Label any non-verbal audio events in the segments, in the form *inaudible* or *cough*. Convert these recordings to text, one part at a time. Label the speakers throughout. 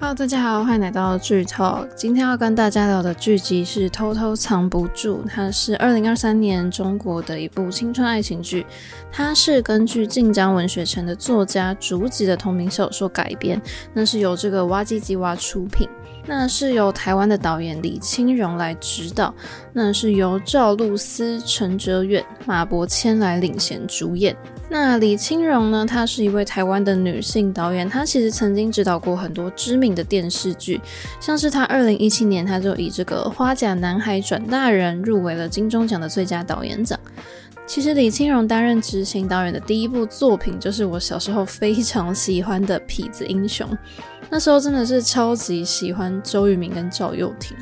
Speaker 1: 哈嘍，大家好，歡迎來到劇 Talk。今天要跟大家聊的劇集是《偷偷藏不住》，它是二零二三年中國的一部青春愛情劇。它是根據晉江文學城的作家竹已的同名小說改編，那是由這個哇唧唧哇出品。那是由台灣的導演李青蓉來執導，那是由趙露思、陳哲遠、馬伯騫來領銜主演。那李青蓉呢？她是一位台灣的女性導演，她其實曾經執導過很多知名的電視劇，像是她二零一七年，她就以這個《花甲男孩轉大人》入圍了金鐘獎的最佳導演獎。其實李青蓉擔任執行導演的第一部作品就是我小時候非常喜歡的《痞子英雄》，那時候真的是超級喜歡周渝民跟趙又廷，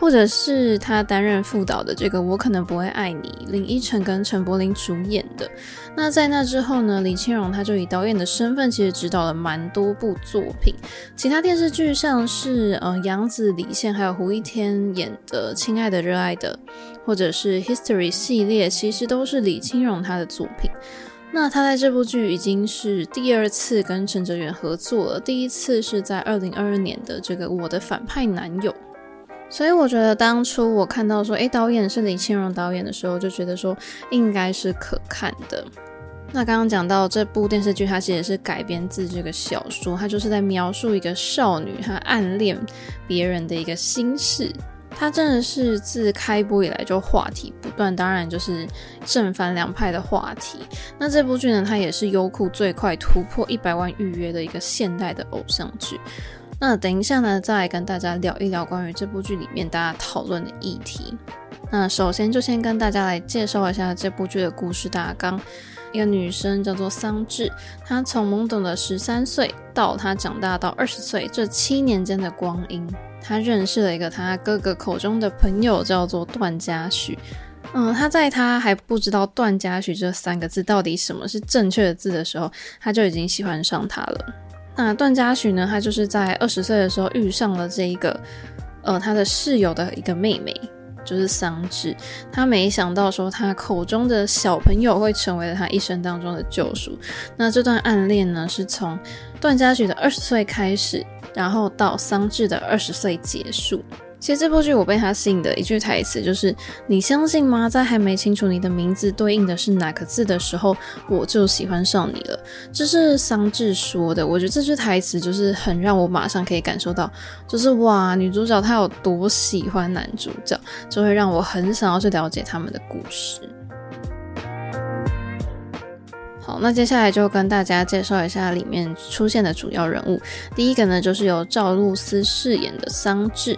Speaker 1: 或者是他擔任副導的這個《我可能不會愛你》，林依晨跟陳柏霖主演的。那在那之後呢，李青蓉他就以導演的身份其實指導了蠻多部作品，其他電視劇像是呃楊紫、李現還有胡一天演的《親愛的熱愛的》。或者是 History 系列，其實都是李青蓉他的作品。那他在這部劇已經是第二次跟陳哲遠合作了，第一次是在二零二二年的這個《我的反派男友》。所以我覺得當初我看到說，誒，導演是李青蓉導演的時候，就覺得說應該是可看的。那剛剛講到這部電視劇，它其實是改編自這個小說，它就是在描述一個少女她暗戀別人的一個心事。它真的是自開播以來就話題不斷，當然就是正反兩派的話題。那這部劇呢，它也是優酷最快突破一百萬預約的一個現代的偶像劇。那等一下呢，再來跟大家聊一聊關於這部劇裡面大家討論的議題。那首先就先跟大家來介紹一下這部劇的故事大綱。一個女生叫做桑稚，她從懵懂的十三歲到她長大到二十歲這七年間的光陰，她認識了一個她哥哥口中的朋友，叫做段嘉許。嗯，她在她還不知道段嘉許這三個字到底什麼是正確的字的時候，她就已經喜歡上他了。那段嘉許呢，他就是在二十歲的時候遇上了這一個，呃，他的室友的一個妹妹。就是桑稚，他沒想到說他口中的小朋友會成為了他一生當中的救贖。那這段暗戀呢，是從段嘉許的二十歲開始，然後到桑稚的二十歲結束。其實這部劇我被他吸引的一句台詞就是“你相信嗎？”在還沒清楚你的名字對應的是哪個字的時候，我就喜歡上你了。這是桑稚說的。我覺得這句台詞就是很讓我馬上可以感受到，就是哇，女主角她有多喜歡男主角，就會讓我很想要去了解他們的故事。好，那接下來就跟大家介紹一下裡面出現的主要人物。第一個呢，就是由趙露思飾演的桑稚。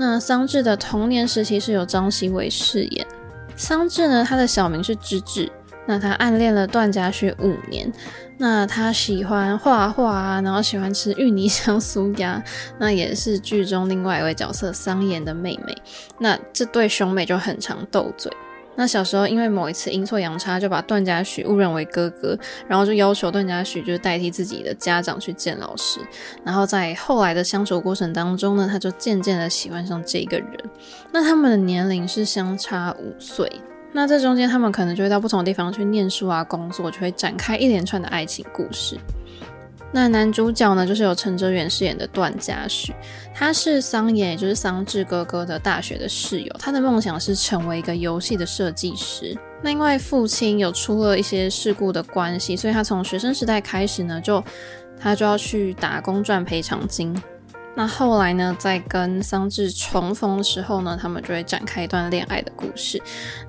Speaker 1: 那桑稚的童年時期是由張希偉飾演。桑稚呢，他的小名是芝芝，那他暗戀了段嘉許五年。那他喜歡畫畫，然後喜歡吃芋泥香酥鴨。那也是劇中另外一位角色桑延的妹妹。那這對兄妹就很常鬥嘴。那小時候，因為某一次陰錯陽差，就把段嘉許誤認為哥哥，然後就要求段嘉許就是代替自己的家長去見老師。然後在後來的相處過程當中呢，他就漸漸的喜歡上這個人。那他們的年齡是相差五歲，那這中間他們可能就會到不同的地方去念書啊、工作，就會展開一連串的愛情故事。那男主角呢，就是由陳哲遠飾演的段嘉許，他是桑延，也就是桑稚哥哥的大學的室友。他的夢想是成為一個遊戲的設計師。那因為父親有出了一些事故的關係，所以他從學生時代開始呢，就他就要去打工賺賠償金。那後來呢，在跟桑稚重逢的時候呢，他們就會展開一段戀愛的故事。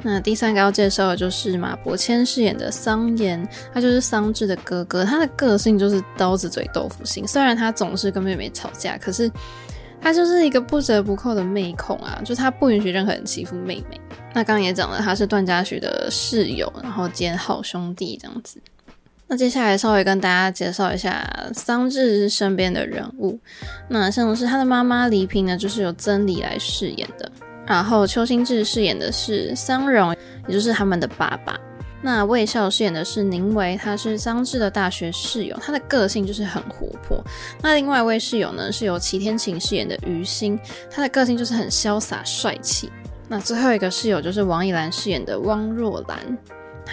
Speaker 1: 那第三個要介紹的就是馬伯騫飾演的桑延，他就是桑稚的哥哥，他的個性就是刀子嘴豆腐心。雖然他總是跟妹妹吵架，可是他就是一個不折不扣的妹控啊，就他不允許任何人欺負妹妹。那剛剛也講了，他是段嘉許的室友，然後兼好兄弟這樣子。那接下來稍微跟大家介紹一下桑稚身邊的人物。那像是他的媽媽黎萍呢，就是由曾黎來飾演的。然後邱心志飾演的是桑榮，也就是他們的爸爸。那魏笑飾演的是寧維，他是桑稚的大學室友，他的個性就是很活潑。那另外一位室友呢，是由齊天晴飾演的於心，他的個性就是很瀟灑帥氣。那最後一個室友就是王一蘭飾演的汪若蘭。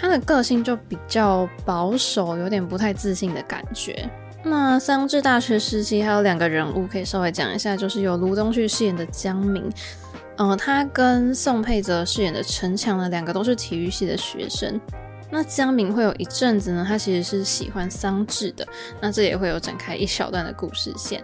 Speaker 1: 他的個性就比較保守，有點不太自信的感覺。那桑稚大學時期還有兩個人物可以稍微講一下，就是由盧東旭飾演的江明，嗯、呃，他跟宋佩澤飾演的陳強呢，兩個都是體育系的學生。那江明會有一陣子呢，他其實是喜歡桑稚的，那這也會有展開一小段的故事線。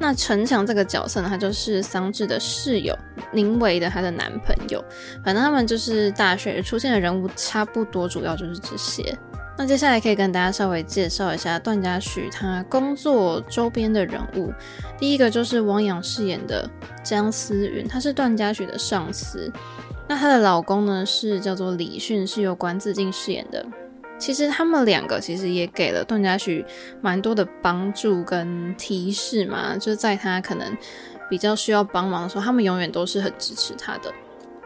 Speaker 1: 那陳強這個角色呢，他就是桑稚的室友，寧維的她的男朋友。反正他們就是大學出現的人物，差不多主要就是這些。那接下來可以跟大家稍微介紹一下段嘉許他工作周邊的人物。第一個就是王陽飾演的姜思雲，他是段嘉許的上司。那她的老公呢，是叫做李迅，是由管子敬飾演的。其實他們兩個其實也給了段嘉許蠻多的幫助跟提示嘛，就是在他可能比較需要幫忙的時候，他們永遠都是很支持他的。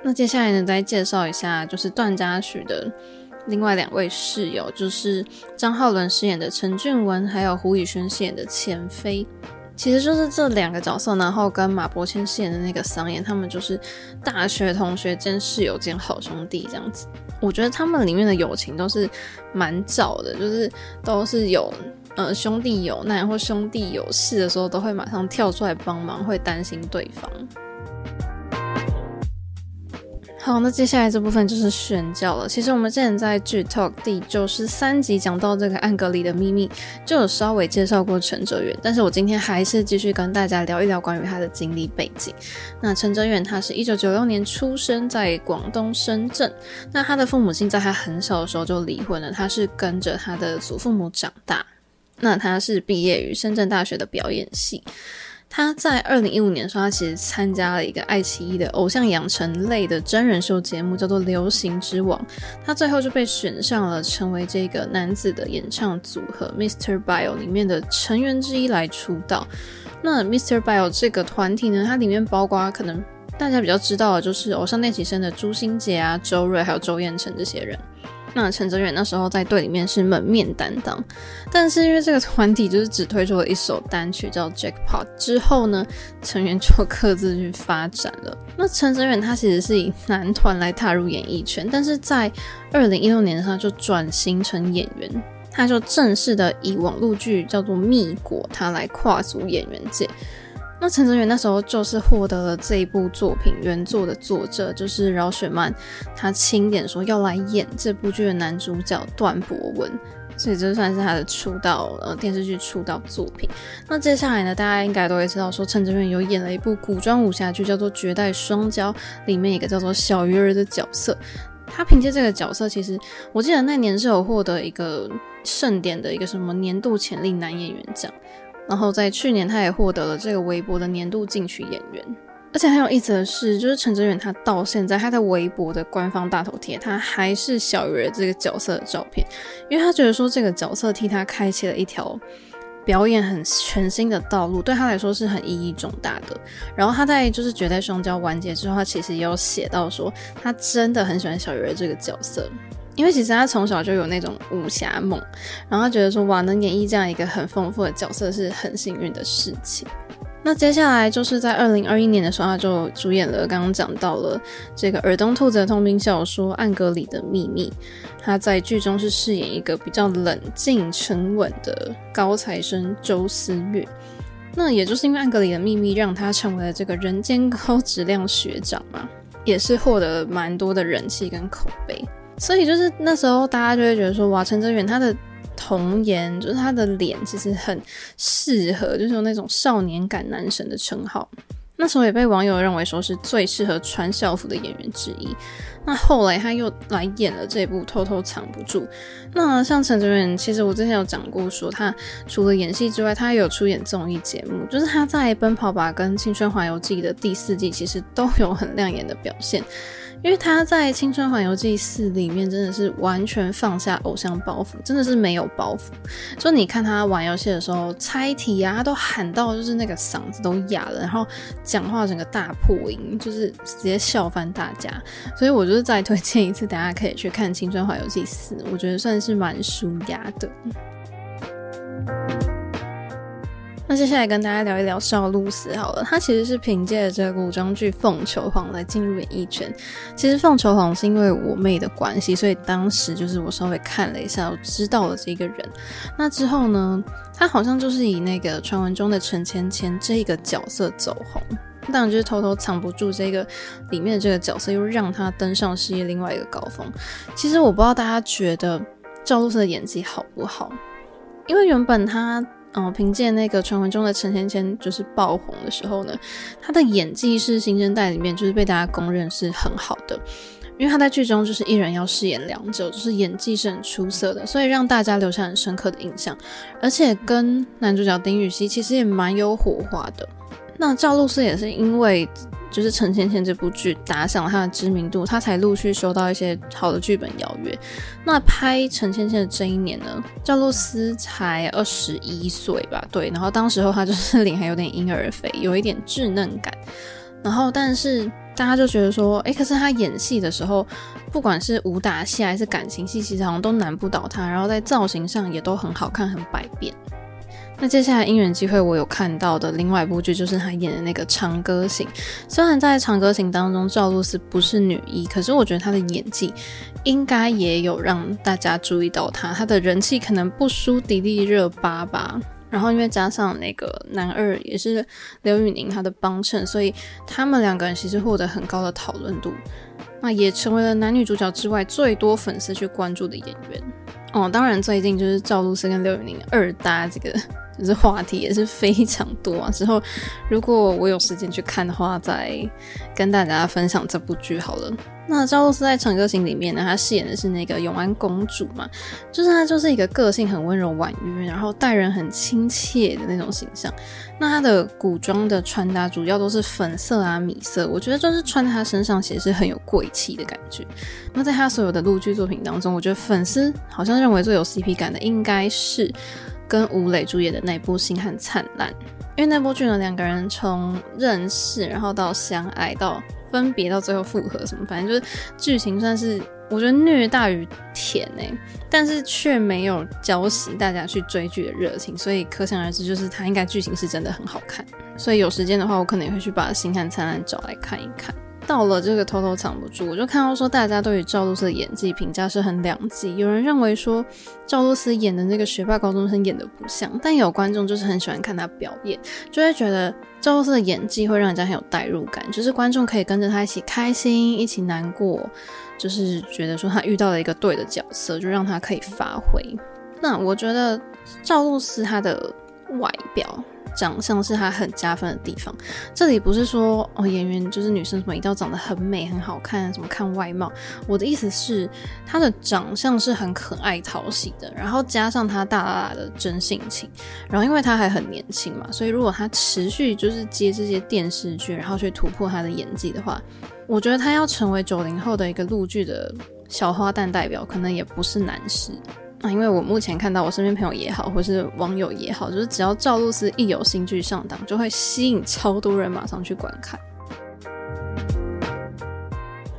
Speaker 1: 那接下來呢，再介紹一下，就是段嘉許的另外兩位室友，就是張浩倫飾演的陳俊文，還有胡宇軒飾演的錢飛。其實就是這兩個角色，然後跟馬伯騫飾演的那個桑延，他們就是大學同學兼室友兼好兄弟這樣子。我覺得他們裡面的友情都是蠻早的，就是都是有呃兄弟有難或兄弟有事的時候，都會馬上跳出來幫忙，會擔心對方。好，那接下來這部分就是選角了。其實我們之前在劇 Talk 第九十三集講到這個暗格裡的秘密，就有稍微介紹過陳哲遠。但是我今天還是繼續跟大家聊一聊關於他的經歷背景。那陳哲遠他是一九九六年出生在廣東深圳。那他的父母親在他很小的時候就離婚了，他是跟着他的祖父母長大。那他是畢業於深圳大學的表演系。他在二零一五年的時候，他其實參加了一個愛奇藝的偶像養成類的真人秀節目，叫做《流行之王》。他最後就被選上了，成為這個男子的演唱組合 Mr. Bio 裡面的成員之一來出道。那 Mr. Bio 這個團體呢，它裡面包括可能大家比較知道的，就是《偶像練習生》的朱星杰啊、周瑞還有周彥辰這些人。那陳哲遠那時候在隊裡面是門面擔當，但是因為這個團體就是只推出了一首單曲叫《Jackpot》之後呢，成員就各自去發展了。那陳哲遠他其實是以男團來踏入演藝圈，但是在二零一六年他就轉型成演員，他就正式的以網絡劇叫做《秘果》他來跨足演員界。那陳哲遠那時候就是獲得了這一部作品原作的作者，就是饒雪漫，他欽點說要來演這部劇的男主角段博文，所以這算是他的出道呃，電視劇出道作品。那接下來呢，大家應該都會知道說陳哲遠有演了一部古裝武俠劇叫做《絕代雙驕》，裡面一個叫做小魚兒的角色。他憑借這個角色，其實我記得那年是有獲得一個盛典的一個什麼年度潛力男演員獎。然後在去年，他也獲得了這個微博的年度進取演員。而且很有意思的是，就是陳哲遠他到現在他的微博的官方大頭貼，他還是小魚兒這個角色的照片，因為他覺得說這個角色替他開啟了一條表演很全新的道路，對他來說是很意義重大的。然後他在就是《絕代雙驕》完結之後，他其實也有寫到說，他真的很喜歡小魚兒這個角色。因為其實他從小就有那種武俠夢，然後他覺得說哇，能演繹這樣一個很豐富的角色是很幸運的事情。那接下來就是在二零二一年的時候，他就主演了剛剛講到了這個《耳東兔子》的同名小說《暗格裡的秘密》。他在劇中是飾演一個比較冷靜、沉穩的高材生周斯越。那也就是因為《暗格裡的秘密》，讓他成為了這個人間高質量學長嘛，也是獲得了蠻多的人氣跟口碑。所以就是那時候，大家就會覺得說，哇，陳哲遠他的童顏，就是他的臉，其實很適合，就是有那種少年感男神的稱號。那時候也被網友認為說是最適合穿校服的演員之一。那後來他又來演了這部《偷偷藏不住》，那。那像陳哲遠，其實我之前有講過說，說他除了演戲之外，他也有出演綜藝節目，就是他在《奔跑吧》跟《青春環遊記》的第四季，其實都有很亮眼的表現。因為他在《青春環遊記四》裡面真的是完全放下偶像包袱，真的是沒有包袱。所以你看他玩遊戲的時候，猜題啊，他都喊到就是那個嗓子都啞了，然後講話整個大破音，就是直接笑翻大家。所以我就是再推薦一次，大家可以去看《青春環遊記四》，我覺得算是蠻舒壓的。那接下來跟大家聊一聊趙露思好了，她其實是憑借着這個古裝劇《鳳囚凰》來進入演藝圈。其實《鳳囚凰》是因為我妹的關係，所以當時就是我稍微看了一下，我知道了這個人。那之後呢，她好像就是以那個傳聞中的陳芊芊這個角色走紅，當然就是偷偷藏不住這個裡面的這個角色，又讓她登上事業另外一個高峰。其實我不知道大家覺得趙露思的演技好不好，因為原本她。嗯、哦，憑借那個傳聞中的陳芊芊就是爆紅的時候呢，她的演技是新生代裡面就是被大家公認是很好的，因為她在劇中就是一人要飾演兩者，就是演技是很出色的，所以讓大家留下很深刻的印象，而且跟男主角丁禹兮其實也蠻有火花的。那趙露思也是因為。就是《陳芊芊》這部劇打響了她的知名度，她才陸續收到一些好的劇本邀約。那拍《陳芊芊》的這一年呢，趙露思才二十一歲吧？對，然後當時候她就是臉還有點嬰兒肥，有一點稚嫩感。然後，但是大家就覺得說，哎、欸，可是她演戲的時候，不管是武打戲還是感情戲，其實好像都難不倒她。然後在造型上也都很好看，很百變。那接下來因緣機會，我有看到的另外一部劇就是他演的那個《長歌行》。雖然在《長歌行》當中，趙露思不是女一，可是我覺得她的演技應該也有讓大家注意到她，她的人氣可能不輸迪麗熱巴吧。然後因為加上那個男二也是劉宇寧，他的幫襯，所以他們兩個人其實獲得很高的討論度，那也成為了男女主角之外最多粉絲去關注的演員。哦，當然最近就是趙露思跟劉宇寧二搭這個。就是話題也是非常多啊。之後如果我有時間去看的話，再跟大家分享這部劇好了。那趙露思在《長歌行》裡面呢，她飾演的是那個永安公主嘛，就是她就是一個個性很溫柔婉約，然後待人很親切的那種形象。那她的古裝的穿搭主要都是粉色啊、米色，我覺得就是穿在她身上，其實是很有貴氣的感覺。那在她所有的陸劇作品當中，我覺得粉絲好像認為最有 CP 感的應該是。跟吳磊主演的那部《星漢燦爛》，因為那部劇呢，兩個人從認識，然後到相愛，到分別，到最後復合，什麼反正就是劇情算是我覺得虐大於甜誒、欸，但是卻沒有澆熄大家去追劇的熱情，所以可想而知，就是他應該劇情是真的很好看，所以有時間的話，我可能也會去把《星漢燦爛》找來看一看。到了這個偷偷藏不住，我就看到說，大家對於趙露思的演技評價是很兩極。有人認為說趙露思演的那個學霸高中生演得不像，但有觀眾就是很喜歡看她表演，就會覺得趙露思的演技會讓人家很有代入感，就是觀眾可以跟着她一起開心，一起難過，就是覺得說她遇到了一個對的角色，就讓她可以發揮。那我覺得趙露思她的外表。長相是他很加分的地方。這裡不是說哦，演員就是女生什麼一定要長得很美、很好看，什麼看外貌。我的意思是，她的長相是很可愛、討喜的，然後加上她大大大的真性情，然後因為她還很年輕嘛，所以如果她持續就是接這些電視劇，然後去突破她的演技的話，我覺得她要成為九零後的一個陸劇的小花旦代表，可能也不是難事。啊，因為我目前看到我身邊朋友也好，或是網友也好，就是只要趙露思一有新劇上檔，就會吸引超多人馬上去觀看。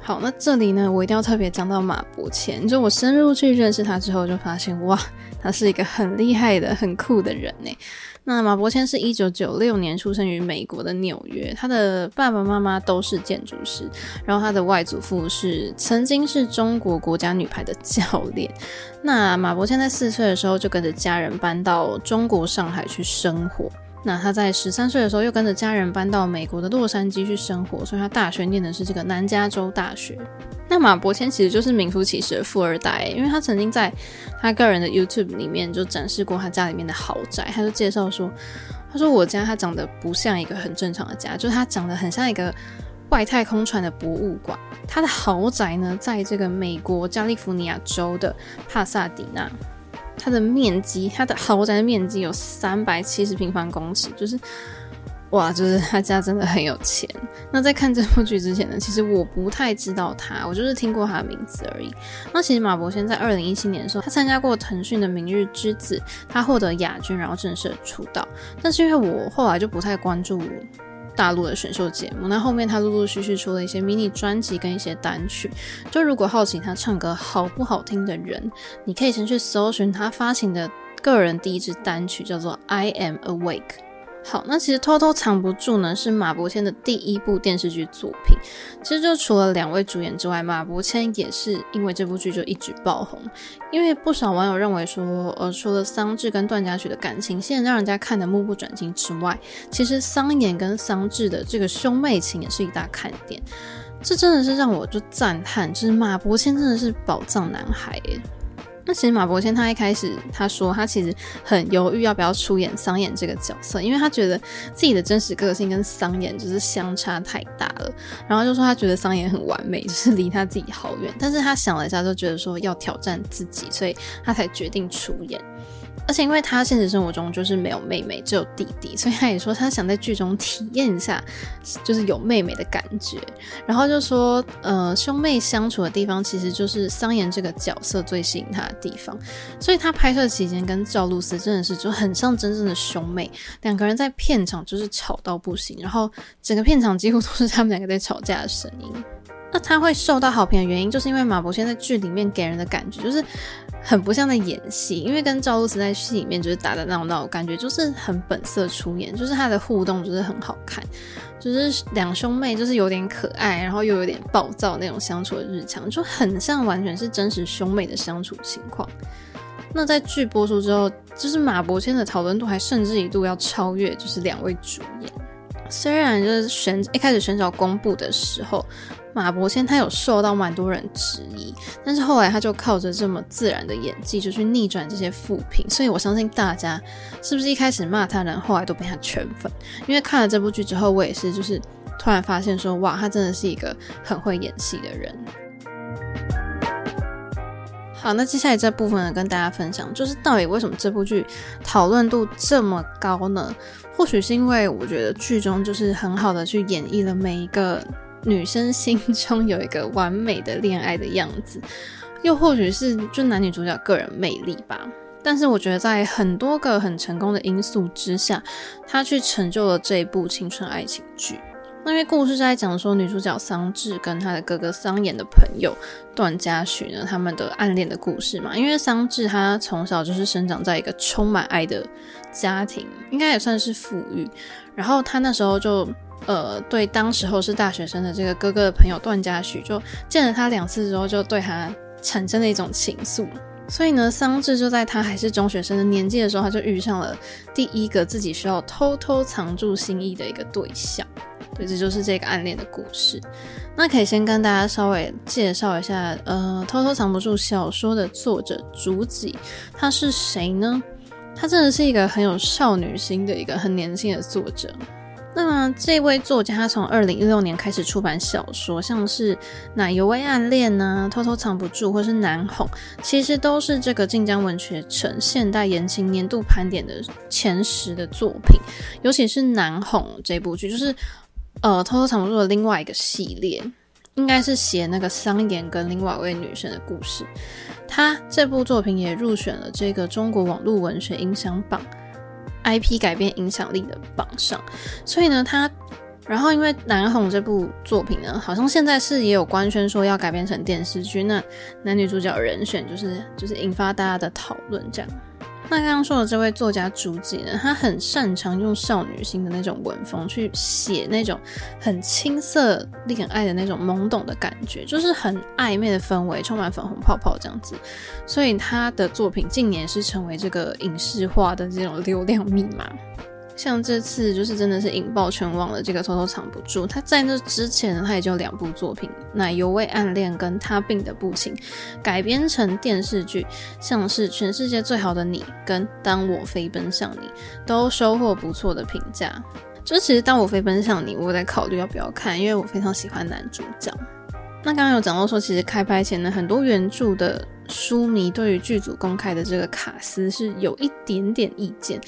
Speaker 1: 好，那這裡呢，我一定要特別講到馬伯騫，就我深入去認識他之後，就發現哇，他是一個很厲害的、很酷的人呢、欸。那馬伯騫是一九九六年出生於美國的紐約，他的爸爸媽媽都是建築師，然後他的外祖父是曾經是中國國家女排的教練。那馬伯騫在四歲的時候就跟着家人搬到中國上海去生活。那他在十三歲的時候又跟着家人搬到美國的洛杉磯去生活，所以他大學念的是這個南加州大學。那馬伯騫其實就是名副其實的富二代欸，因為他曾經在他個人的 YouTube 裡面就展示過他家裡面的豪宅，他就介紹說，他說我家他長得不像一個很正常的家，就是他長得很像一個外太空船的博物館。他的豪宅呢，在這個美國加利福尼亞州的帕薩迪納。它的面積，它的豪宅的面積有三百七十平方公尺，就是哇，就是他家真的很有錢。那在看這部劇之前呢，其實我不太知道他，我就是聽過他的名字而已。那其實馬伯騫在二零一七年的時候，他參加過騰訊的《明日之子》，他獲得亞軍，然後正式出道。但是因為我後來就不太關注我。大陸的選秀節目，那後，後面他陸陸續續出了一些迷你專輯跟一些單曲。就如果好奇他唱歌好不好聽的人，你可以先去搜尋他發行的個人第一支單曲，叫做《I Am Awake》。好，那其實偷偷藏不住呢，是馬伯騫的第一部電視劇作品。其實就除了兩位主演之外，馬伯騫也是因為這部劇就一直爆紅。因為不少網友認為說，呃，除了桑稚跟段嘉許的感情線，現在讓人家看得目不轉睛之外，其實桑延跟桑稚的這個兄妹情也是一大看點。這真的是讓我就讚嘆，就是馬伯騫真的是寶藏男孩耶。那其實馬伯騫他一開始他說他其實很猶豫要不要出演桑延這個角色，因為他覺得自己的真實個性跟桑延就是相差太大了，然後就說他覺得桑延很完美，就是離他自己好遠。但是他想了一下，就覺得說要挑戰自己，所以他才決定出演。而且因為他現實生活中就是沒有妹妹，只有弟弟，所以他也說他想在劇中體驗一下，就是有妹妹的感覺。然後就說，呃，兄妹相處的地方其實就是桑延這個角色最吸引他的地方。所以他拍攝期間跟趙露思真的是就很像真正的兄妹，兩個人在片場就是吵到不行，然後整個片場幾乎都是他們兩個在吵架的聲音。那他會受到好評的原因，就是因為馬伯騫在劇裡面給人的感覺就是很不像在演戲，因為跟趙露思在戲裡面就是打打鬧鬧，感覺就是很本色出演，就是他的互動就是很好看，就是兩兄妹就是有點可愛，然後又有點暴躁那種相處的日常，就很像完全是真實兄妹的相處情況。那在劇播出之後，就是馬伯騫的討論度還甚至一度要超越，就是兩位主演。雖然就是選一開始選角公布的時候，馬伯騫他有受到蠻多人質疑，但是後來他就靠着這麼自然的演技，就去逆轉這些負評。所以我相信大家是不是一開始罵他人，然後來都被他圈粉？因為看了這部劇之後，我也是就是突然發現說，哇，他真的是一個很會演戲的人。好，那接下來這部分呢，跟大家分享，就是到底為什麼這部劇討論度這麼高呢？或許是因為我覺得劇中就是很好的去演繹了每一個女生心中有一個完美的戀愛的樣子，又或許是就男女主角個人魅力吧。但是我覺得在很多個很成功的因素之下，她去成就了這一部青春愛情劇。那因為故事是在講說女主角桑稚跟她的哥哥桑延的朋友段嘉許呢，他們的暗戀的故事嘛。因為桑稚她從小就是生長在一個充滿愛的家庭，應該也算是富裕。然後她那時候就呃，對當時候是大學生的這個哥哥的朋友段嘉許，就見了他兩次之後，就對他產生了一種情愫。所以呢，桑稚就在她還是中學生的年紀的時候，她就遇上了第一個自己需要偷偷藏住心意的一個對象。所以這就是這個暗戀的故事。那可以先跟大家稍微介紹一下，呃，偷偷藏不住小說的作者竹已。他是誰呢？他真的是一個很有少女心的一個很年輕的作者。那麼、啊、這位作家他從二零一六年開始出版小說，像是《奶油味暗戀》啊，《偷偷藏不住》或是《難哄》，其實都是這個晉江文學城現代言情年度盤點的前十的作品。尤其是《難哄》這部劇，就是。呃，偷偷藏不住的另外一個系列，應該是寫那個桑延跟另外一位女生的故事。他這部作品也入選了這個中國網絡文學影響榜 IP 改編影響力的榜上。所以呢，他然後因為難哄這部作品呢，好像現在是也有官宣說要改編成電視劇，那男女主角人選就是就是引發大家的討論這樣。那剛剛說的這位作家竹已呢，他很擅長用少女心的那種文風去寫那種很青澀戀愛的那種懵懂的感覺，就是很曖昧的氛圍，充滿粉紅泡泡這樣子。所以他的作品近年是成為這個影視化的這種流量密碼。像這次就是真的是引爆全網的這個偷偷藏不住。他在那之前，他也就兩部作品，《奶油味暗戀》跟他病的不輕，改編成電視劇，像是《全世界最好的你》跟《當我飛奔向你》，都收穫不錯的評價。就其實《當我飛奔向你》，我有在考慮要不要看，因為我非常喜歡男主角。那剛剛有講到說，其實開拍前呢，很多原著的。書迷對於劇組公開的這個卡斯是有一點點意見，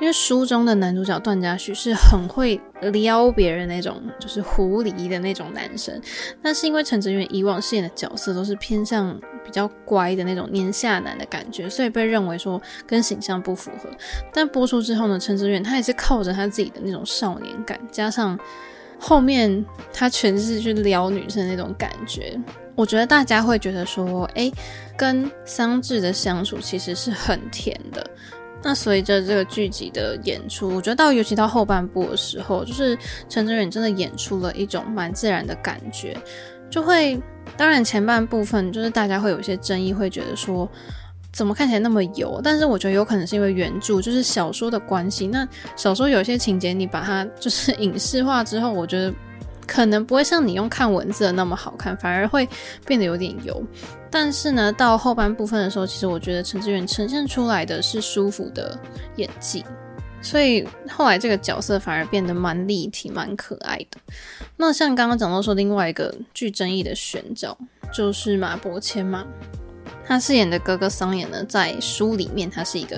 Speaker 1: 因為書中的男主角段嘉許是很會撩別人那種，就是狐狸的那種男生。但是因為陳哲遠以往飾演的角色都是偏向比較乖的那種年下男的感覺，所以被認為說跟形象不符合。但播出之後呢，陳哲遠他也是靠着他自己的那種少年感，加上後面他全是去撩女生的那種感覺。我覺得大家會覺得說，誒跟桑稚的相處其實是很甜的。那隨着這個劇集的演出，我覺得到尤其到後半部的時候，就是陳哲遠真的演出了一種蠻自然的感覺。就會，當然前半部分就是大家會有一些爭議，會覺得說怎麼看起來那麼油。但是我覺得有可能是因為原著就是小說的關係，那小說有些情節你把它就是影視化之後，我覺得。可能不會像你用看文字的那麼好看，反而會變得有點油。但是呢，到後半部分的時候，其實我覺得陳哲遠呈現出來的是舒服的演技，所以後來這個角色反而變得蠻立體、蠻可愛的。那像剛剛講到說另外一個具爭議的選角，就是馬伯騫嘛。他飾演的哥哥桑延呢，在書裡面他是一個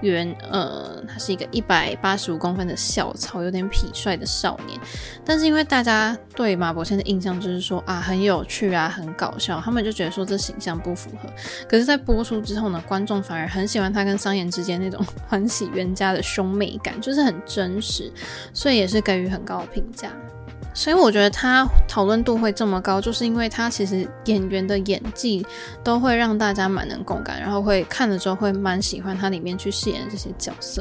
Speaker 1: 原呃，他是一個一百八十五公分的校草，有點痞帥的少年。但是因為大家對馬伯騫的印象就是說啊，很有趣啊，很搞笑，他們就覺得說，這形象不符合。可是，在播出之後呢，觀眾反而很喜歡他跟桑延之間那種歡喜冤家的兄妹感，就是很真實，所以也是給予很高的評價。所以我覺得他討論度會這麼高，就是因為他其實演員的演技都會讓大家蠻能共感，然後會看了之後會蠻喜歡他裡面去飾演這些角色。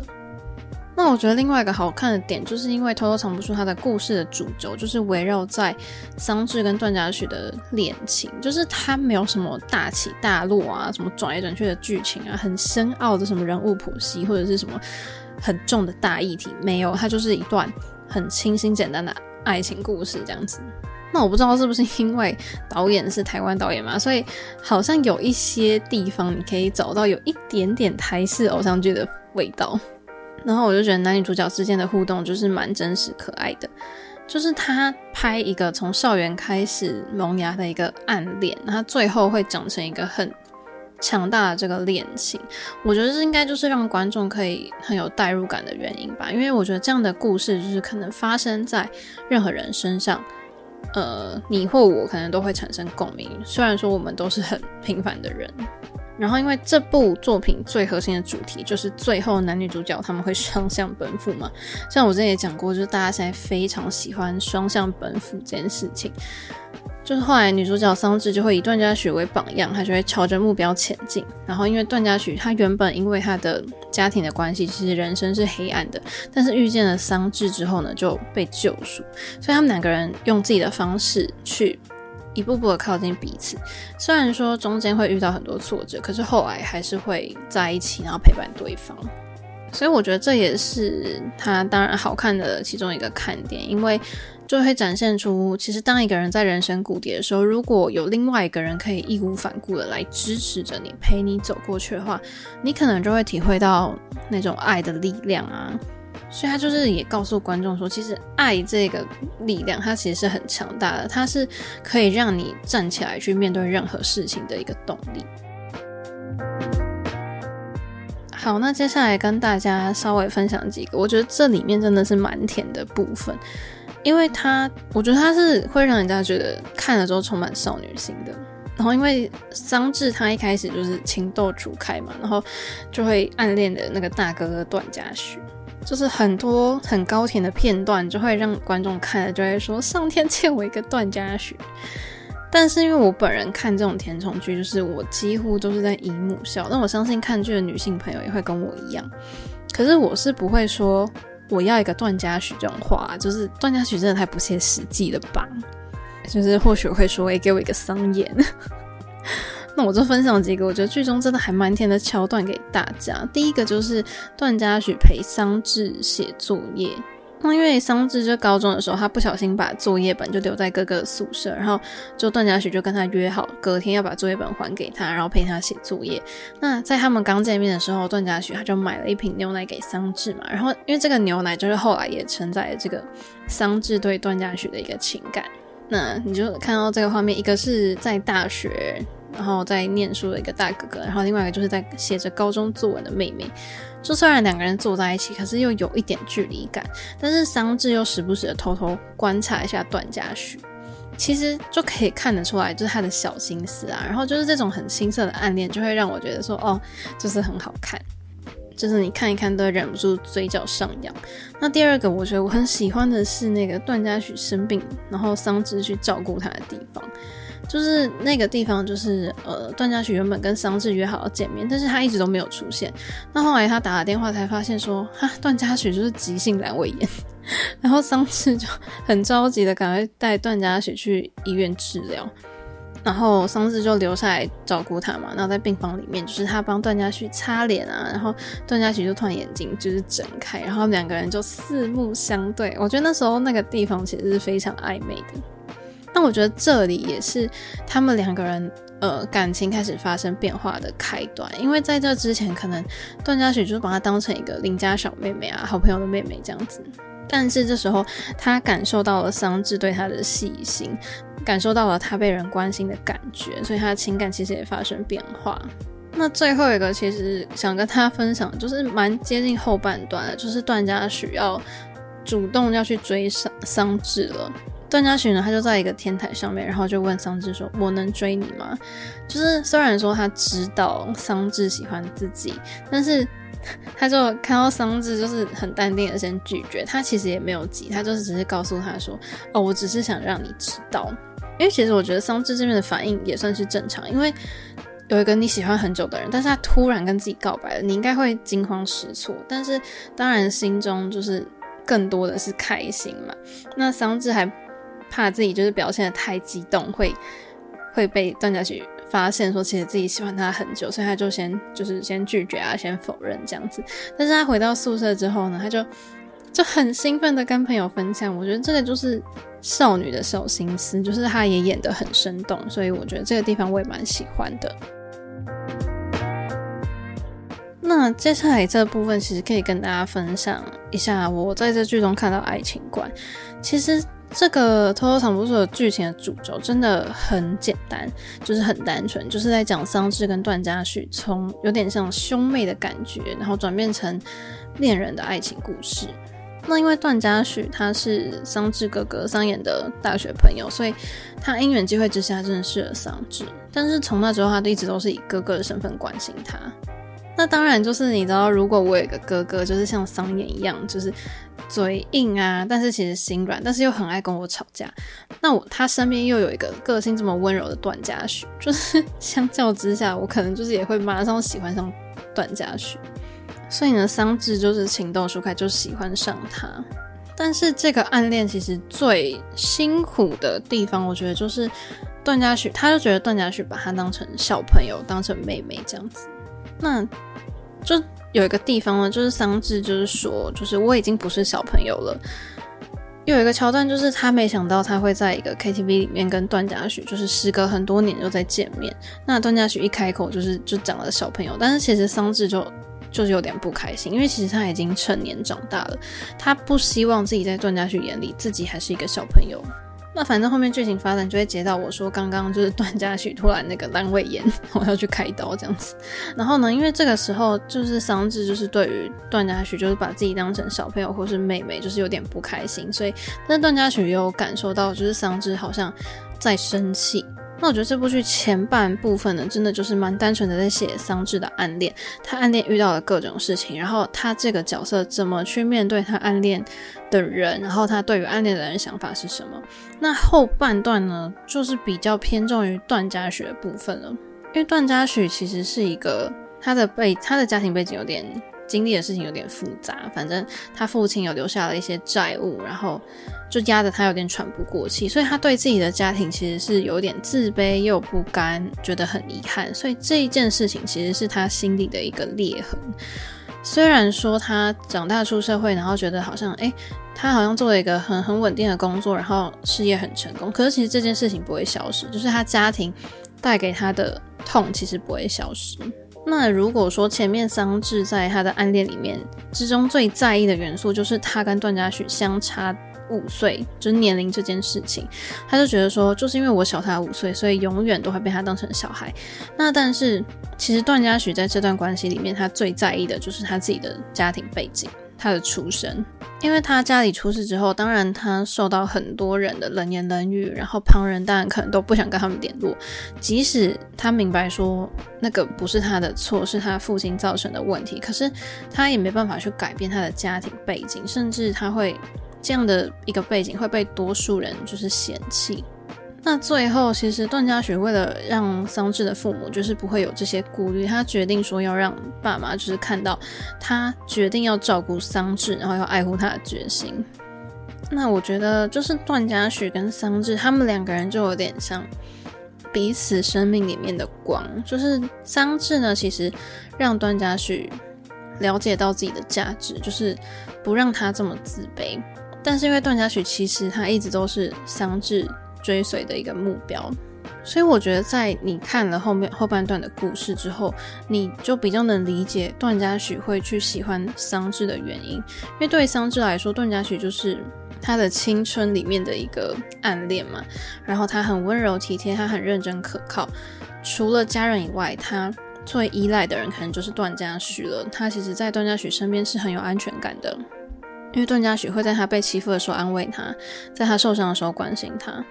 Speaker 1: 那我覺得另外一個好看的點，就是因為偷偷藏不住，他的故事的主軸就是圍繞在桑稚跟段嘉許的戀情，就是他沒有什麼大起大落啊，什麼轉來轉去的劇情啊，很深奧的什麼人物譜系或者是什麼很重的大議題沒有，它就是一段很清新簡單的。愛情故事這樣子，那我不知道是不是因為導演是台灣導演嘛，所以好像有一些地方你可以找到有一點點台式偶像劇的味道。然後我就覺得男女主角之間的互動就是蠻真實可愛的，就是他拍一個從校園開始萌芽的一個暗戀，他最後會長成一個很。強大的這個戀情，我覺得這應該就是讓觀眾可以很有代入感的原因吧。因為我覺得這樣的故事就是可能發生在任何人身上，呃，你或我可能都會產生共鳴。雖然說我們都是很平凡的人，然後因為這部作品最核心的主題就是最後男女主角他們會雙向奔赴嘛。像我之前也講過，就是大家現在非常喜歡雙向奔赴這件事情。就是後來女主角桑稚就會以段嘉許為榜樣，她就會朝着目標前進。然後因為段嘉許，他原本因為他的家庭的關係，其實人生是黑暗的。但是遇見了桑稚之後呢，就被救贖。所以他們兩個人用自己的方式去一步步的靠近彼此。雖然說中間會遇到很多挫折，可是後來還是會在一起，然後陪伴對方。所以我覺得這也是它當然好看的其中一個看點，因為。就會展現出，其實當一個人在人生谷底的時候，如果有另外一個人可以義無反顧的來支持着你，陪你走過去的話，你可能就會體會到那種愛的力量啊。所以他就是也告訴觀眾說，其實愛這個力量，它其實是很強大的，它是可以讓你站起來去面對任何事情的一個動力。好，那接下來跟大家稍微分享幾個，我覺得這裡面真的是蠻甜的部分。因為他，我覺得他是會讓人家覺得看了之後充滿少女心的。然後，因為桑稚他一開始就是情竇初開嘛，然後就會暗戀的那個大哥哥段嘉許，就是很多很高甜的片段，就會讓觀眾看了就會說，上天欠我一個段嘉許。但是因為我本人看這種甜寵劇，就是我幾乎都是在姨母笑。那我相信看劇的女性朋友也會跟我一樣。可是我是不會說我要一個段嘉許這種話，就是段嘉許真的太不切實際了吧？就是或許會說，哎、欸，給我一個桑延。 *laughs* 那我就分享幾個我覺得劇中真的還蠻甜的橋段給大家。第一個就是段嘉許陪桑稚寫作業。那、嗯、因為桑稚就高中的時候，他不小心把作業本就留在哥哥宿舍，然後就段嘉許就跟他約好隔天要把作業本還給他，然後陪他寫作業。那在他們剛見面的時候，段嘉許他就買了一瓶牛奶給桑稚嘛，然後因為這個牛奶就是後來也承載了這個桑稚對段嘉許的一個情感。那你就看到這個畫面，一個是在大學然後在唸書的一個大哥哥，然後另外一個就是在寫着高中作文的妹妹，就雖然兩個人坐在一起，可是又有一點距離感，但是桑稚又時不時的偷偷觀察一下段嘉許，其實就可以看得出來，就是他的小心思啊。然後就是這種很青澀的暗戀，就會讓我覺得說，哦，就是很好看，就是你看一看都忍不住嘴角上揚。那第二個，我覺得我很喜歡的是那個段嘉許生病，然後桑稚去照顧他的地方。就是那個地方，就是呃，段嘉許原本跟桑稚約好要見面，但是他一直都沒有出現。那後來他打了電話，才發現說，哈，段嘉許就是藍 *laughs* 就急性闌尾炎。然後桑稚就很着急的趕快帶段嘉許去醫院治療。然後桑稚就留下來照顧他嘛，然後在病房裡面，就是他幫段嘉許擦臉啊，然後段嘉許就突然眼睛就是睜開，然後兩個人就四目相對。我覺得那時候那個地方其實是非常曖昧的。那我覺得這裡也是他們兩個人呃感情開始發生變化的開端，因為在這之前，可能段嘉許就是把她當成一個鄰家小妹妹啊，好朋友的妹妹這樣子。但是這時候，他感受到了桑稚對他的細心，感受到了他被人關心的感覺，所以他的情感其實也發生變化。那最後一個，其實想跟他分享，就是蠻接近後半段的，就是段嘉許要主動要去追桑桑稚了。段嘉許呢，他就在一個天台上面，然後就問桑稚說：“我能追你嗎？”就是雖然說他知道桑稚喜歡自己，但是他就看到桑稚就是很淡定的先拒絕，他其實也沒有急，他就是只是告訴他說：“哦，我只是想讓你知道。”因為其實我覺得桑稚這邊的反應也算是正常，因為有一個你喜歡很久的人，但是他突然跟自己告白了，你應該會驚慌失措，但是當然心中就是更多的是開心嘛。那桑稚還。怕自己就是表現得太激動，會會被段嘉許發現，說其實自己喜歡他很久，所以他就先就是先拒絕啊，先否認這樣子。但是他回到宿舍之後呢，他就就很興奮的跟朋友分享。我覺得這個就是少女的小心思，就是他也演得很生動，所以我覺得這個地方我也蠻喜歡的。那接下來這部分其實可以跟大家分享一下，我在這劇中看到愛情觀，其實。這個《偷偷藏不住》的劇情的主軸真的很簡單，就是很單純，就是在講桑稚跟段嘉許從有點像兄妹的感覺，然後轉變成戀人的愛情故事。那因為段嘉許他是桑稚哥哥，桑延的大學朋友，所以他因緣際會之下認識了桑稚，但是從那之後，他一直都是以哥哥的身份關心他。那當然就是你知道，如果我有一個哥哥，就是像桑延一樣，就是嘴硬啊，但是其實心軟，但是又很愛跟我吵架。那我他身邊又有一個個性這麼溫柔的段嘉許，就是相較之下，我可能就是也會馬上喜歡上段嘉許。所以呢，桑稚就是情竇初開，就喜歡上他。但是這個暗戀其實最辛苦的地方，我覺得就是段嘉許，他就覺得段嘉許把他當成小朋友，當成妹妹這樣子。那就有一個地方呢，就是桑稚，就是說，就是我已經不是小朋友了。有一個橋段，就是他沒想到他會在一個 KTV 裡面跟段嘉許，就是時隔很多年又再見面。那段嘉許一開口就是就講了小朋友，但是其實桑稚就就是有點不開心，因為其實他已經成年長大了，他不希望自己在段嘉許眼裡自己還是一個小朋友。那反正後面劇情發展就會截到我說，剛剛就是段嘉許突然那個闌尾炎，我要去開刀這樣子。然後呢，因為這個時候就是桑稚就是對於段嘉許就是把自己當成小朋友或是妹妹，就是有點不開心，所以但段嘉許有感受到就是桑稚好像在生氣。那我覺得這部劇前半部分呢，真的就是蠻單純的在寫桑稚的暗戀，他暗戀遇到了各種事情，然後他這個角色怎麼去面對他暗戀的人，然後他對於暗戀的人的想法是什麼。那後半段呢，就是比較偏重於段嘉許的部分了，因為段嘉許其實是一個，他的背，他的家庭背景有點，經歷的事情有點複雜，反正他父親有留下了一些債務，然後。就壓得他有點喘不過氣，所以他對自己的家庭其實是有點自卑又不甘，覺得很遺憾。所以這一件事情其實是他心裡的一個裂痕。雖然說他長大出社會，然後覺得好像哎、欸，他好像做了一個很很穩定的工作，然後事業很成功。可是其實這件事情不會消失，就是他家庭帶給他的痛其實不會消失。那如果說前面桑稚在他的暗戀裡面之中最在意的元素，就是他跟段嘉許相差。五歲，就是、年齡這件事情，他就覺得說，就是因為我小他五歲，所以永遠都會被他當成小孩。那但是，其實段嘉許在這段關係裡面，他最在意的就是他自己的家庭背景，他的出身。因為他家裡出事之後，當然他受到很多人的冷言冷語，然後旁人當然可能都不想跟他們聯絡。即使他明白說那個不是他的錯，是他父親造成的問題，可是他也沒辦法去改變他的家庭背景，甚至他會。這樣的一個背景會被多數人就是嫌棄。那最後，其實段嘉許為了讓桑稚的父母就是不會有這些顧慮，他決定說要讓爸媽就是看到他決定要照顧桑稚，然後要愛護他的決心。那我覺得，就是段嘉許跟桑稚他們兩個人就有點像彼此生命裡面的光。就是桑稚呢，其實讓段嘉許了解到自己的價值，就是不讓他這麼自卑。但是因為段嘉許其實他一直都是桑稚追隨的一個目標，所以我覺得在你看了後面後半段的故事之後，你就比較能理解段嘉許會去喜歡桑稚的原因。因為對於桑稚來說，段嘉許就是他的青春裡面的一個暗戀嘛。然後他很溫柔體貼，他很認真可靠。除了家人以外，他最依賴的人可能就是段嘉許了。他其實在段嘉許身邊是很有安全感的。因為段嘉許會在他被欺負的時候安慰他，在他受傷的時候關心他，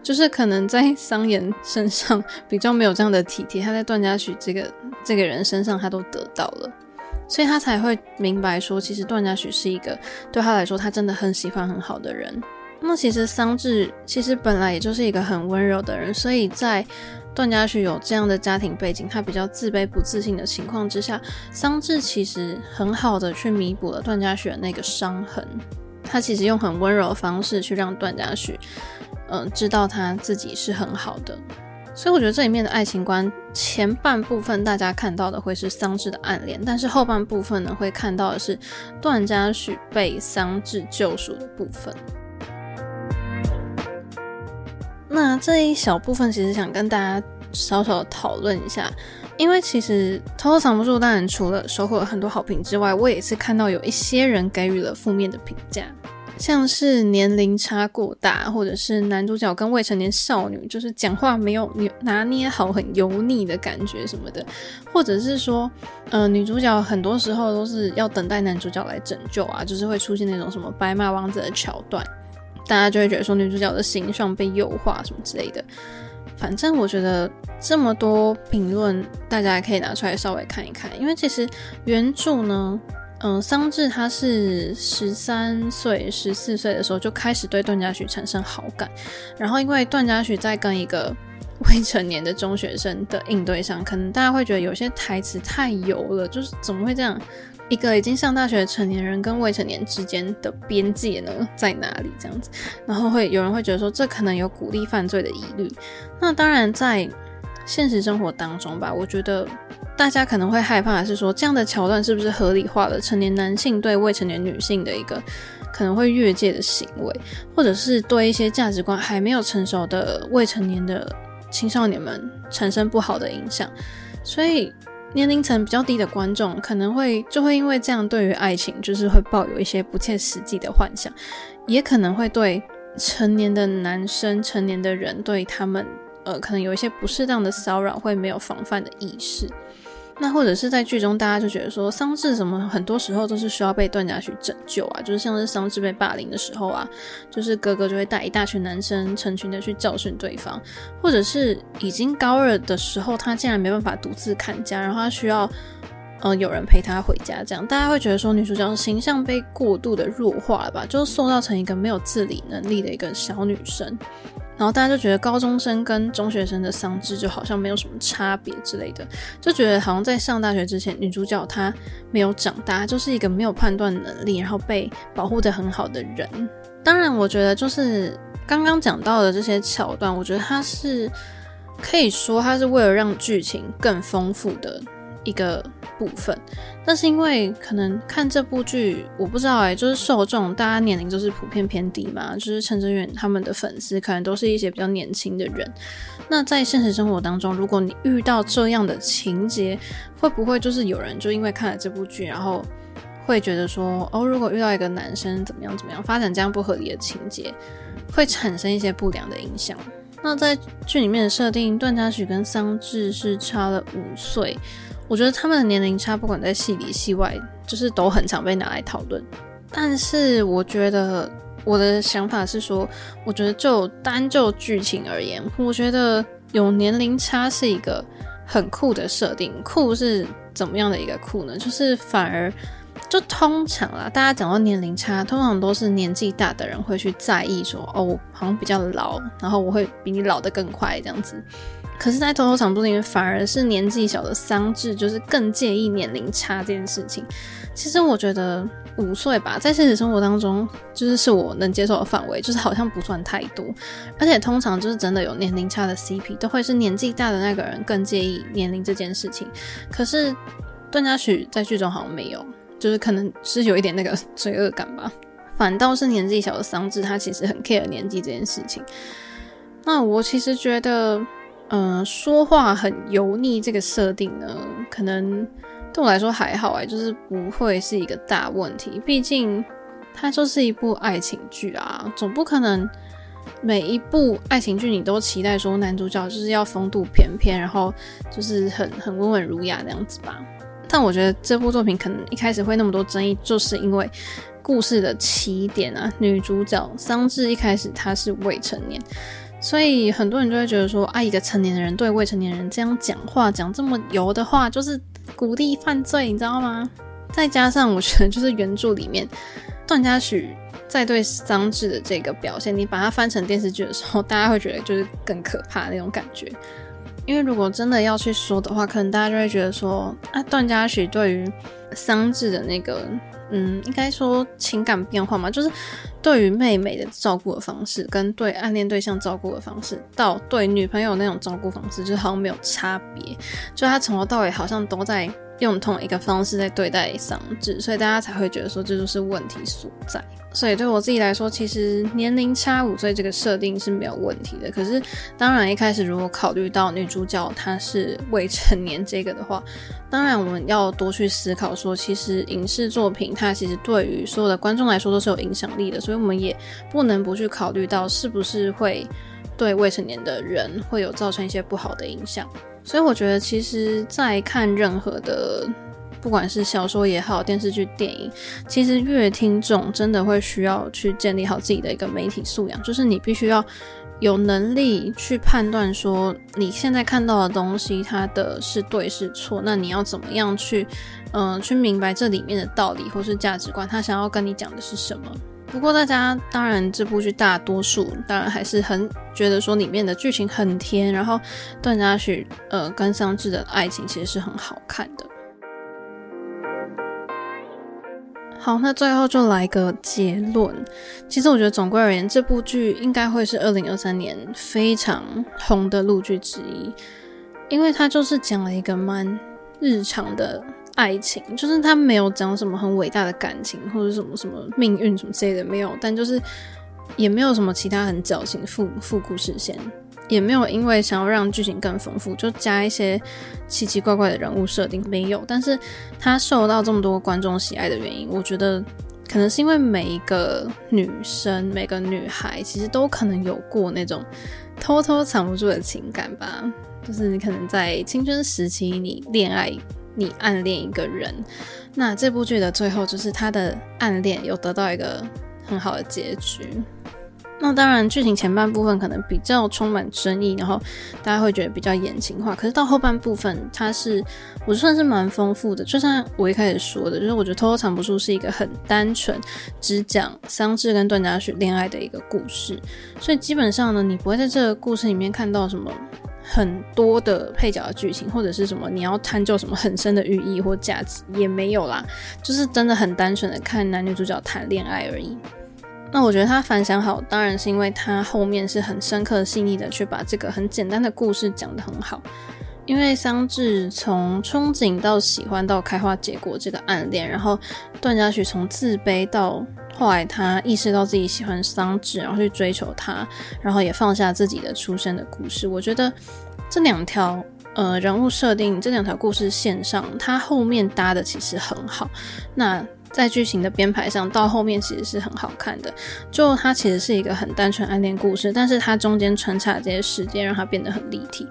Speaker 1: 就是可能在桑延身上比較沒有這樣的體貼，他在段嘉許這個這個人身上他都得到了，所以他才會明白說，其實段嘉許是一個對他來說他真的很喜歡很好的人。那麼其實桑稚其實本來也就是一個很溫柔的人，所以在。段嘉許有這樣的家庭背景，他比較自卑不自信的情況之下，桑稚其實很好的去彌補了段嘉許的那個傷痕。他其實用很溫柔的方式去讓段嘉許，嗯、呃，知道他自己是很好的。所以我覺得這裡面的愛情觀，前半部分大家看到的會是桑稚的暗戀，但是後半部分呢，會看到的是段嘉許被桑稚救贖的部分。那這一小部分其實想跟大家稍稍討論一下，因為其實偷偷藏不住，當然除了收獲了很多好評之外，我也是看到有一些人給予了負面的評價，像是年齡差過大，或者是男主角跟未成年少女就是講話沒有拿捏好，很油膩的感覺什麼的，或者是說，呃，女主角很多時候都是要等待男主角來拯救啊，就是會出現那種什麼白馬王子的橋段。大家就會覺得說女主角的形象被優化什麼之類的，反正我覺得這麼多評論，大家還可以拿出來稍微看一看。因為其實原著呢，嗯、呃，桑稚她是十三歲、十四歲的時候就開始對段嘉許產生好感，然後因為段嘉許在跟一個未成年的中學生的應對上，可能大家會覺得有些台詞太油了，就是怎麼會這樣？一個已經上大學的成年人跟未成年之間的邊界呢，在哪裡？這樣子，然後會有人會覺得說，這可能有鼓勵犯罪的疑慮。那當然，在現實生活當中吧，我覺得大家可能會害怕的是說，這樣的橋段是不是合理化了成年男性對未成年女性的一個可能會越界的行為，或者是對一些價值觀還沒有成熟的未成年的青少年們產生不好的影響，所以。年齡層比較低的觀眾可能會就會因為這樣，對於愛情就是會抱有一些不切實際的幻想，也可能會對成年的男生、成年的人對他們，呃，可能有一些不適當的騷擾，會沒有防範的意識。那或者是在劇中，大家就覺得說桑稚什麼很多時候都是需要被段嘉許去拯救啊，就是像是桑稚被霸凌的時候啊，就是哥哥就會帶一大群男生成群的去教訓對方，或者是已經高二的時候，他竟然沒辦法獨自看家，然後他需要，呃，有人陪他回家，這樣大家會覺得說女主角形象被過度的弱化了吧，就塑造成一個沒有自理能力的一個小女生。然後大家就覺得高中生跟中學生的桑稚就好像沒有什麼差別之類的，就覺得好像在上大學之前，女主角她沒有長大，就是一個沒有判斷能力，然後被保護得很好的人。當然，我覺得就是剛剛講到的這些橋段，我覺得它是可以說它是為了讓劇情更豐富的。一個部分，但是因為可能看這部劇，我不知道哎、欸，就是受眾大家年齡就是普遍偏低嘛，就是陳哲遠他們的粉絲可能都是一些比較年輕的人。那在現實生活當中，如果你遇到這樣的情節，會不會就是有人就因為看了這部劇，然後會覺得說，哦，如果遇到一個男生怎麼樣怎麼樣，發展這樣不合理的情節，會產生一些不良的影響？那在劇裡面的設定，段嘉許跟桑稚是差了五歲。我覺得他們的年齡差，不管在戲裡戲外，就是都很常被拿來討論。但是，我覺得我的想法是說，我覺得就單就劇情而言，我覺得有年齡差是一個很酷的設定。酷是怎麼樣的一個酷呢？就是反而就通常啦，大家講到年齡差，通常都是年紀大的人會去在意說，哦，我好像比較老，然後我會比你老得更快這樣子。可是，在偷偷藏不住裡面，反而是年紀小的桑稚，就是更介意年齡差這件事情。其實我覺得五歲吧，在現實生活當中，就是是我能接受的範圍，就是好像不算太多。而且通常就是真的有年齡差的 CP，都會是年紀大的那個人更介意年齡這件事情。可是段嘉許在劇中好像沒有，就是可能是有一點那個罪惡感吧。反倒是年紀小的桑稚，他其實很 care 年紀這件事情。那我其實覺得。嗯、呃，說話很油膩這個設定呢,可能對我來說還好哎、欸，就是不會是一個大問題。畢竟它就是一部愛情劇啊，總不可能每一部愛情劇你都期待說男主角就是要風度翩翩，然後就是很很溫文儒雅這樣子吧。但我覺得這部作品可能一開始會那麼多爭議，就是因為故事的起點啊，女主角桑稚一開始她是未成年。所以很多人就會覺得說，啊，一個成年人對未成年人這樣講話，講這麼油的話，就是鼓勵犯罪，你知道嗎？再加上我覺得，就是原著裡面段嘉許在對桑稚的這個表現，你把它翻成電視劇的時候，大家會覺得就是更可怕的那種感覺。因為如果真的要去說的話，可能大家就會覺得說啊，段嘉許對於桑稚的那個，嗯，應該說情感變化嘛，就是對於妹妹的照顧的方式，跟對暗戀對象照顧的方式，到對女朋友那種照顧方式，就好像沒有差別，就他從頭到尾好像都在。用同一個方式在對待桑稚，所以大家才會覺得說，這就是問題所在。所以對我自己來說，其實年齡差五歲這個設定是沒有問題的。可是，當然一開始如果考慮到女主角她是未成年這個的話，當然我們要多去思考說，其實影視作品它其實對於所有的觀眾來說都是有影響力的，所以我們也不能不去考慮到是不是會對未成年的人會有造成一些不好的影響。所以我覺得，其實，在看任何的，不管是小說也好，電視劇、電影，其實閱聽眾真的會需要去建立好自己的一個媒體素養，就是你必須要有能力去判斷說，你現在看到的東西，它的是對是錯。那你要怎麼樣去，嗯、呃，去明白這裡面的道理或是價值觀，他想要跟你講的是什麼？不過大家當然這部劇大多數當然還是很覺得說，裡面的劇情很甜，然後段嘉許呃跟桑稚的愛情其實是很好看的。好，那最後就來個結論，其實我覺得總歸而言，這部劇應該會是二零二三年非常紅的陸劇之一，因為它就是講了一個蠻日常的。愛情，就是他沒有講什麼很偉大的感情，或者什麼什麼命運什麼之類的，沒有。但就是也沒有什麼其他很矯情複複故事線，也沒有因為想要讓劇情更豐富就加一些奇奇怪怪的人物設定，沒有。但是他受到這麼多觀眾喜愛的原因，我覺得可能是因為每一個女生、每個女孩其實都可能有過那種偷偷藏不住的情感吧，就是你可能在青春時期你戀愛。你暗戀一個人，那這部劇的最後，就是他的暗戀有得到一個很好的結局。那當然，劇情前半部分可能比較充滿爭議，然後大家會覺得比較言情化。可是到後半部分，它是我就算是蠻豐富的。就像我一開始說的，就是我覺得《偷偷藏不住》是一個很單純，只講桑稚跟段嘉許戀愛的一個故事。所以基本上呢，你不會在這個故事裡面看到什麼。很多的配角的劇情，或者是什麼你要探究什麼很深的寓意或價值也沒有啦，就是真的很單純的看男女主角談戀愛而已。那我覺得他反響好，當然是因為他後面是很深刻細膩的去把這個很簡單的故事講得很好。因為桑稚從憧憬到喜歡到開花結果這個暗戀，然後段嘉許從自卑到後來他意識到自己喜歡桑稚，然後去追求他，然後也放下自己的出身的故事。我覺得這兩條呃人物設定這兩條故事線上，他後面搭的其實很好。那在劇情的編排上，到後面其實是很好看的。就他其實是一個很單純暗戀故事，但是他中間穿插這些事件，讓他變得很立體。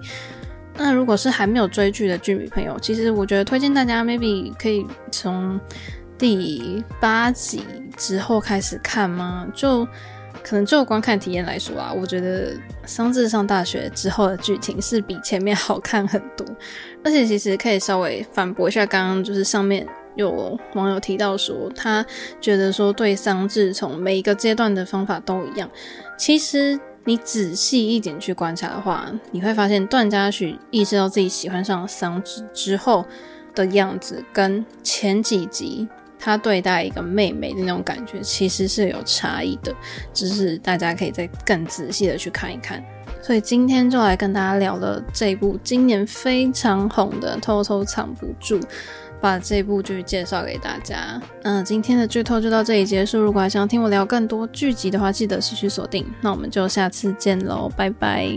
Speaker 1: 那如果是還沒有追劇的劇迷朋友，其實我覺得推薦大家 maybe 可以從第八集之後開始看嗎？就可能就觀看體驗來說啊，我覺得桑稚上大學之後的劇情是比前面好看很多，而且其實可以稍微反駁一下剛剛就是上面有網友提到說他覺得說對桑稚從每一個階段的方法都一樣，其實。你仔細一點去觀察的話，你會發現段嘉許意識到自己喜歡上桑稚之後的樣子，跟前幾集他對待一個妹妹的那種感覺其實是有差異的，只是大家可以再更仔細的去看一看。所以今天就來跟大家聊了這一部今年非常紅的《偷偷藏不住》。把這部劇介紹給大家。嗯、呃，今天的劇透就到這裡結束。如果還想要聽我聊更多劇集的話，記得持續鎖定。那我們就下次見嘍，拜拜。